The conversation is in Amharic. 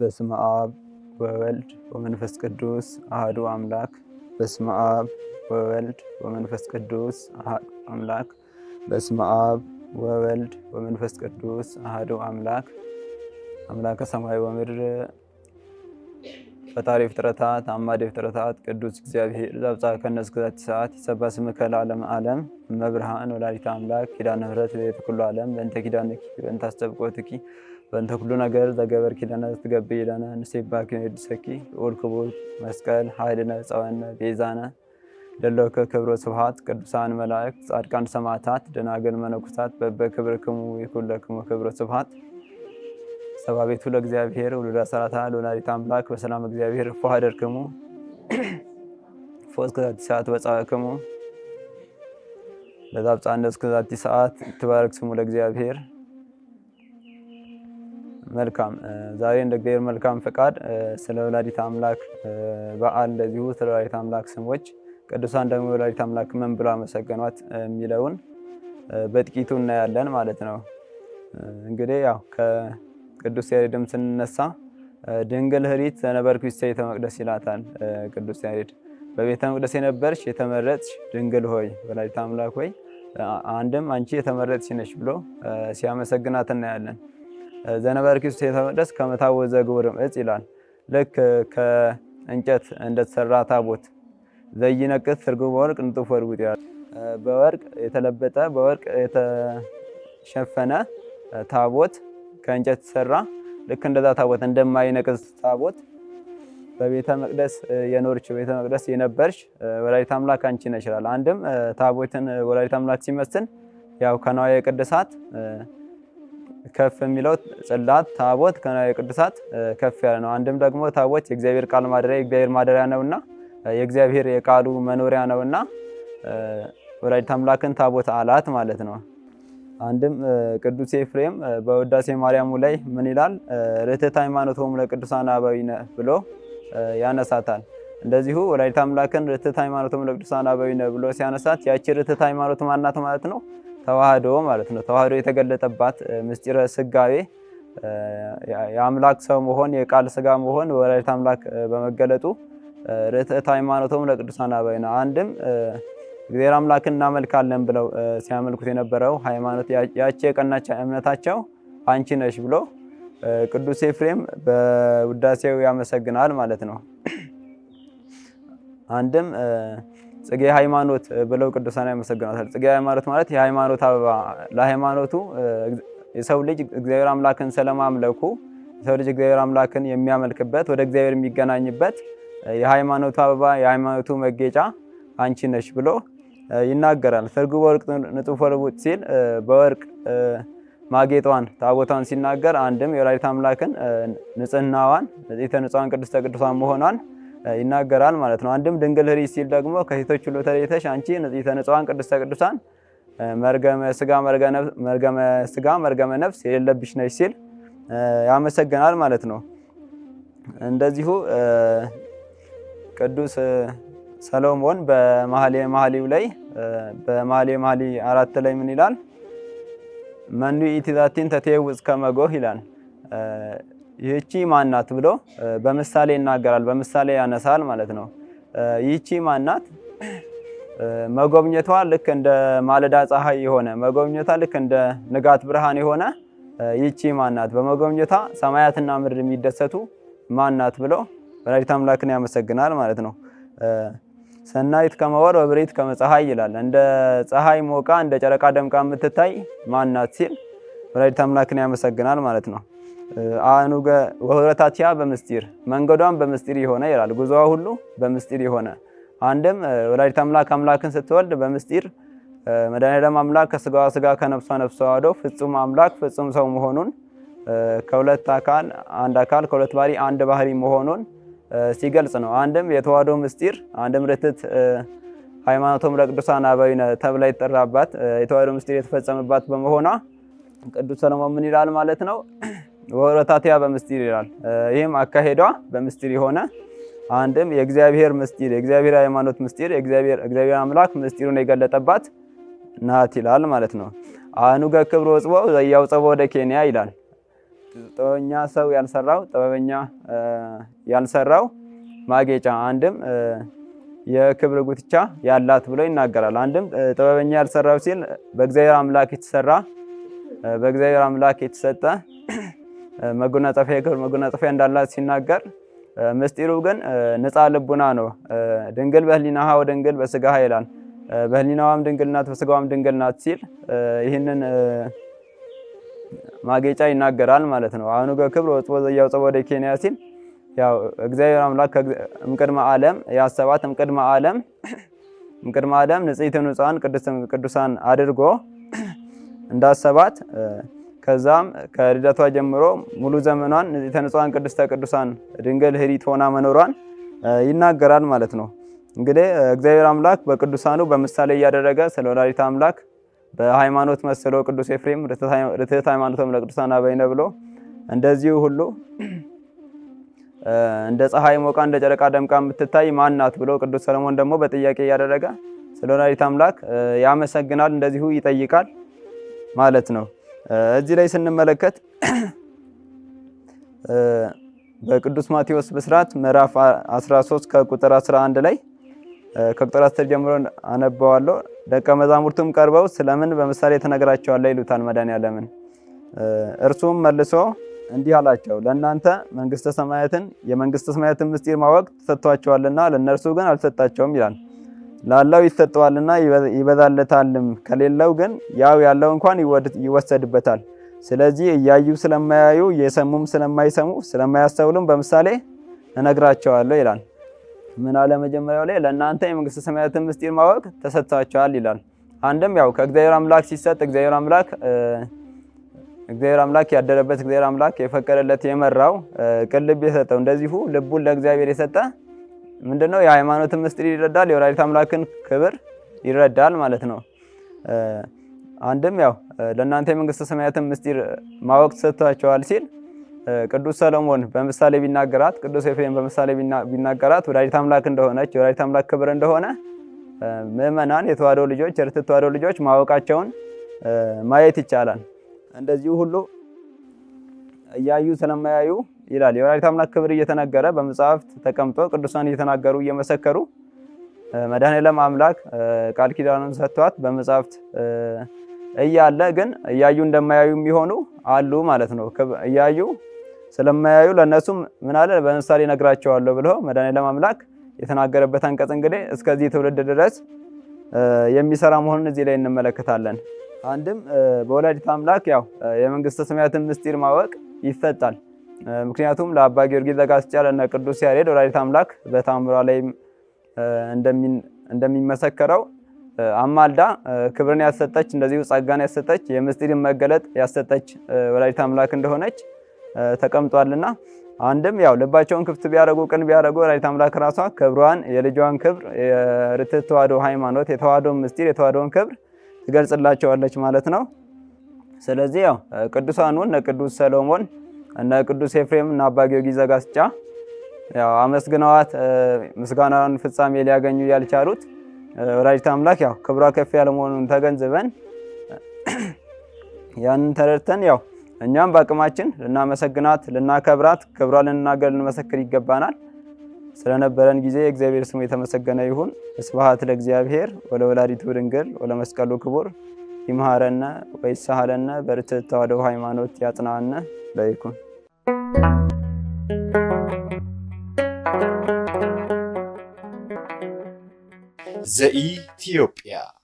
በስመ አብ ወወልድ ወመንፈስ ቅዱስ አህዱ አምላክ። በስመ አብ ወወልድ ወመንፈስ ቅዱስ አህዱ አምላክ። በስመ አብ ወወልድ ወመንፈስ ቅዱስ አህዱ አምላክ። አምላከ ሰማይ ወምድር ፈጣሪ ፍጥረታት አማደ ፍጥረታት ቅዱስ እግዚአብሔር ዛብጽሐከ እስከዛቲ ሰዓት ይትሰበሐ ስምከ ለዓለመ ዓለም እመብርሃን ወላዲተ አምላክ ኪዳነ ምሕረት ለቤተ ኩሉ ዓለም በእንተ ኪዳነ በእንተ አስተብቆትኪ በእንተ ኩሉ ነገር ዘገበር ኪዳነ ትገብ ይለነ ንሴባ ክነድሰኪ ልዑል ክቡር መስቀል ኃይልነ ጸወነ ቤዛነ ደለከ ክብረ ስብሃት ቅዱሳን መላእክት ጻድቃን ሰማዕታት ደናግል መነኩሳት በበ ክብር ክሙ የኩለክሙ ክብረ ስብሃት ሰባቤቱ ለእግዚአብሔር ውሉዳ ሰላታ ለወላዲተ አምላክ በሰላም እግዚአብሔር እፎ ሀደርክሙ እፎ እስከዛቲ ሰዓት በጻእክሙ ለዛብፃነ እስከዛቲ ሰዓት ትባረክ ስሙ ለእግዚአብሔር መልካም ዛሬ እንደ እግዚአብሔር መልካም ፈቃድ ስለ ወላዲት አምላክ በዓል እንደዚሁ ስለ ወላዲት አምላክ ስሞች ቅዱሳን ደግሞ ወላዲት አምላክ ምን ብሎ አመሰገኗት የሚለውን በጥቂቱ እናያለን ማለት ነው። እንግዲህ ያው ከቅዱስ ያሬድም ስንነሳ ድንግል ህሪት ዘነበርኩ ቤተ መቅደስ ይላታል ቅዱስ ያሬድ። በቤተ መቅደስ የነበርሽ የተመረጥሽ ድንግል ሆይ ወላዲት አምላክ ሆይ አንድም አንቺ የተመረጥሽ ነች ብሎ ሲያመሰግናት እናያለን። ዘነበርኪሱ ቤተ መቅደስ ከመታወዘ ግብርም እጽ ይላል። ልክ ከእንጨት እንደተሰራ ታቦት ዘይነቅስ ትርጉም በወርቅ ንጡፍ ወርቅ ይላል። በወርቅ የተለበጠ በወርቅ የተሸፈነ ታቦት ከእንጨት ተሰራ። ልክ እንደዛ ታቦት እንደማይነቅስ ታቦት በቤተ መቅደስ የኖርች ቤተ መቅደስ የነበርሽ ወላዲተ አምላክ አንቺ ነሽ ይላል። አንድም ታቦትን ወላዲተ አምላክ ሲመስል ያው ከንዋየ ቅድሳት ከፍ የሚለው ጽላት ታቦት ቅዱሳት ከፍ ያለ ነው። አንድም ደግሞ ታቦት የእግዚአብሔር ቃል ማደሪያ የእግዚአብሔር ማደሪያ ነውና የእግዚአብሔር የቃሉ መኖሪያ ነውና ወላዲተ አምላክን ታቦት አላት ማለት ነው። አንድም ቅዱስ ኤፍሬም በውዳሴ ማርያሙ ላይ ምን ይላል? ርትዕት ሃይማኖቶሙ ለቅዱሳን አበዊነ ብሎ ያነሳታል። እንደዚሁ ወላዲተ አምላክን ርትዕት ሃይማኖቶሙ ለቅዱሳን አበዊነ ብሎ ሲያነሳት ያቺ ርትዕት ሃይማኖት ማናት ማለት ነው? ተዋህዶ ማለት ነው። ተዋህዶ የተገለጠባት ምስጢረ ስጋዌ የአምላክ ሰው መሆን የቃል ስጋ መሆን ወላዲተ አምላክ በመገለጡ ርትዕት ሃይማኖቶም ለቅዱሳን ነው። አንድም እግዚአብሔር አምላክን እናመልካለን ብለው ሲያመልኩት የነበረው ሃይማኖት ያቺ የቀናች እምነታቸው አንቺ ነሽ ብሎ ቅዱስ ኤፍሬም በውዳሴው ያመሰግናል ማለት ነው። አንድም ጽጌ ሃይማኖት ብለው ቅዱሳን ያመሰግናታል። ጽጌ ሃይማኖት ማለት የሃይማኖት አበባ ለሃይማኖቱ የሰው ልጅ እግዚአብሔር አምላክን ስለማምለኩ የሰው ልጅ እግዚአብሔር አምላክን የሚያመልክበት ወደ እግዚአብሔር የሚገናኝበት የሃይማኖቱ አበባ የሃይማኖቱ መጌጫ አንቺ ነሽ ብሎ ይናገራል። ፍርግብ ወርቅ ንጡፍ ወልቡጥ ሲል በወርቅ ማጌጧን ታቦቷን ሲናገር አንድም የወላዲት አምላክን ንጽህናዋን ንጽሕተ ንጹሐን ቅድስተ ቅዱሳን መሆኗን ይናገራል ማለት ነው። አንድም ድንግል ኅሩይ ሲል ደግሞ ከሴቶች ሁሉ ተለይተሽ አንቺ ንጽሕተ ንጹሐን ቅድስተ ቅዱሳን መርገመ ስጋ መርገመ ነፍስ የሌለብሽ ነሽ ሲል ያመሰገናል ማለት ነው። እንደዚሁ ቅዱስ ሰሎሞን በመኃልየ መኃልዩ ላይ በመኃልየ መኃልይ አራት ላይ ምን ይላል? መኑ ኢትዛቲን ተቴውዝ ከመጎህ ይላል። ይህቺ ማናት ብሎ በምሳሌ ይናገራል፣ በምሳሌ ያነሳል ማለት ነው። ይህቺ ማናት መጎብኘቷ ልክ እንደ ማለዳ ፀሐይ የሆነ መጎብኘቷ ልክ እንደ ንጋት ብርሃን የሆነ ይቺ ማናት በመጎብኘቷ ሰማያትና ምድር የሚደሰቱ ማናት ብሎ ወላዲተ አምላክን ያመሰግናል ማለት ነው። ሰናይት ከመወር ወብሬት ከመፀሐይ ይላል። እንደ ፀሐይ ሞቃ እንደ ጨረቃ ደምቃ የምትታይ ማናት ሲል ወላዲተ አምላክን ያመሰግናል ማለት ነው። አኑገ ወህረታቲያ በምስጢር መንገዷን በምስጢር የሆነ ይላል። ጉዞዋ ሁሉ በምስጢር የሆነ አንድም ወላዲተ አምላክ አምላክን ስትወልድ በምስጢር መድኃኔዓለም አምላክ ከስጋዋ ስጋ ከነፍሷ ነፍሷ ዋዶ ፍጹም አምላክ ፍጹም ሰው መሆኑን ከሁለት አካል አንድ አካል ከሁለት ባህሪ አንድ ባህሪ መሆኑን ሲገልጽ ነው። አንድም የተዋህዶ ምስጢር አንድም ርትዕት ሃይማኖቶም ለቅዱሳን አበዊነ ተብላ የተጠራባት የተዋህዶ ምስጢር የተፈጸመባት በመሆኗ ቅዱስ ሰለሞን ምን ይላል ማለት ነው ወረታቲያ በምስጢር ይላል። ይህም አካሄዷ በምስጢር የሆነ አንድም የእግዚአብሔር ምስጢር የእግዚአብሔር ሃይማኖት ምስጢር የእግዚአብሔር እግዚአብሔር አምላክ ምስጢሩን የገለጠባት ናት ይላል ማለት ነው። አኑገ ክብሮ ጽቦ ዘያውጽቦ ወደ ኬንያ ይላል። ጥበበኛ ሰው ያልሰራው ጥበበኛ ያልሰራው ማጌጫ አንድም የክብር ጉትቻ ያላት ብሎ ይናገራል። አንድም ጥበበኛ ያልሰራው ሲል በእግዚአብሔር አምላክ የተሰራ በእግዚአብሔር አምላክ የተሰጠ መጎናጸፊያ የክብር መጎናጸፊያ እንዳላት ሲናገር ምስጢሩ ግን ንጻ ልቡና ነው። ድንግል በህሊናሃ ወድንግል በስጋሃ ይላል። በህሊናዋም ድንግል ናት፣ በስጋዋም ድንግል ናት ሲል ይህንን ማጌጫ ይናገራል ማለት ነው። አሁኑ ክብር ወጽቦ ዘያውጽቦ ወደ ኬንያ ሲል ያው እግዚአብሔር አምላክ እምቅድመ ዓለም ያሰባት እምቅድመ ዓለም እምቅድመ ዓለም ንጽሕት ንጹሐን ቅዱሳን አድርጎ እንዳሰባት ከዛም ከልደቷ ጀምሮ ሙሉ ዘመኗን የተንጽዋን ቅድስተ ቅዱሳን ድንግል ህሪት ሆና መኖሯን ይናገራል ማለት ነው። እንግዲህ እግዚአብሔር አምላክ በቅዱሳኑ በምሳሌ እያደረገ ስለ ወላዲተ አምላክ በሃይማኖት መስሎ ቅዱስ ኤፍሬም ርትዕት ሃይማኖትም ለቅዱሳን አበይነ ብሎ እንደዚሁ ሁሉ እንደ ፀሐይ ሞቃ እንደ ጨረቃ ደምቃ የምትታይ ማናት ብሎ ቅዱስ ሰለሞን ደግሞ በጥያቄ እያደረገ ስለ ወላዲተ አምላክ ያመሰግናል፣ እንደዚሁ ይጠይቃል ማለት ነው። እዚህ ላይ ስንመለከት በቅዱስ ማቴዎስ ብስራት ምዕራፍ 13 ከቁጥር 11 ላይ ከቁጥር 10 ጀምሮ አነባዋለሁ። ደቀ መዛሙርቱም ቀርበው ስለምን በምሳሌ ተነግራቸዋለህ ይሉታል መድኃኔዓለምን። እርሱም መልሶ እንዲህ አላቸው፣ ለእናንተ መንግስተ ሰማያትን የመንግስተ ሰማያትን ምስጢር ማወቅ ተሰጥቷቸዋልና ለእነርሱ ግን አልሰጣቸውም ይላል። ላለው ይሰጠዋልና ይበዛለታልም፣ ከሌለው ግን ያው ያለው እንኳን ይወሰድበታል። ስለዚህ እያዩ ስለማያዩ የሰሙም ስለማይሰሙ ስለማያስተውሉም በምሳሌ እነግራቸዋለሁ ይላል። ምን አለ መጀመሪያው ላይ ለእናንተ የመንግስተ ሰማያትን ምስጢር ማወቅ ተሰጥቷቸዋል ይላል። አንድም ያው ከእግዚአብሔር አምላክ ሲሰጥ እግዚአብሔር አምላክ እግዚአብሔር አምላክ ያደረበት እግዚአብሔር አምላክ የፈቀደለት የመራው ቅልብ የሰጠው እንደዚሁ ልቡን ለእግዚአብሔር የሰጠ ምንድነው የሃይማኖትን ምስጢር ይረዳል፣ የወላዲተ አምላክን ክብር ይረዳል ማለት ነው። አንድም ያው ለእናንተ የመንግስተ ሰማያትን ምስጢር ማወቅ ሰጥቷቸዋል ሲል ቅዱስ ሰለሞን በምሳሌ ቢናገራት፣ ቅዱስ ኤፍሬም በምሳሌ ቢናገራት ወላዲተ አምላክ እንደሆነች የወላዲተ አምላክ ክብር እንደሆነ ምእመናን የተዋሕዶ ልጆች የርትዕ የተዋዶ ልጆች ማወቃቸውን ማየት ይቻላል። እንደዚሁ ሁሉ እያዩ ስለማያዩ ይላል። የወላዲተ አምላክ ክብር እየተነገረ በመጽሐፍት ተቀምጦ ቅዱሳን እየተናገሩ እየመሰከሩ መድኃኔዓለም አምላክ ቃል ኪዳኑን ሰጥቷት በመጽሐፍት እያለ ግን እያዩ እንደማያዩ የሚሆኑ አሉ ማለት ነው። እያዩ ስለማያዩ ለነሱ ምን አለ በምሳሌ ነግራቸዋለሁ ብሎ መድኃኔዓለም አምላክ የተናገረበት አንቀጽ እንግዲህ እስከዚህ ትውልድ ድረስ የሚሰራ መሆኑን እዚህ ላይ እንመለከታለን። አንድም በወላዲተ አምላክ ያው የመንግስተ ሰማያትን ምስጢር ማወቅ ይፈጣል። ምክንያቱም ለአባ ጊዮርጊስ ዘጋስጫልና ቅዱስ ያሬድ ወላዲተ አምላክ በታምሯ ላይም እንደሚመሰከረው አማልዳ ክብርን ያሰጠች እንደዚሁ ጸጋን ያሰጠች የምስጢርን መገለጥ ያሰጠች ወላዲተ አምላክ እንደሆነች ተቀምጧልና አንድም ያው ልባቸውን ክፍት ቢያደርጉ ቅን ቢያደርጉ ወላዲተ አምላክ ራሷ ክብሯን የልጇን ክብር የርትዕት ተዋሕዶ ሃይማኖት የተዋሕዶን ምስጢር የተዋሕዶን ክብር ትገልጽላቸዋለች ማለት ነው። ስለዚህ ያው ቅዱሳኑን ቅዱስ ሰሎሞን እነ ቅዱስ ኤፍሬም እና አባ ጊዮርጊስ ዘጋስጫ ያው አመስግነዋት ምስጋናን ፍጻሜ ሊያገኙ ያልቻሉት ወላዲተ አምላክ ያው ክብሯ ከፍ ያለ መሆኑን ተገንዝበን ያንን ተረድተን ያው እኛም በአቅማችን ልናመሰግናት፣ ልናከብራት፣ ክብሯ ልንናገር፣ ልንመሰክር ይገባናል። ስለነበረን ጊዜ እግዚአብሔር ስሙ የተመሰገነ ይሁን። ስብሐት ለእግዚአብሔር ወለወላዲቱ ድንግል ወለመስቀሉ ክቡር ይምሃረነ ወይሳሃለነ በርትዕት ተዋሕዶ ሃይማኖት ያጽናነ laiku. ዘኢትዮጵያ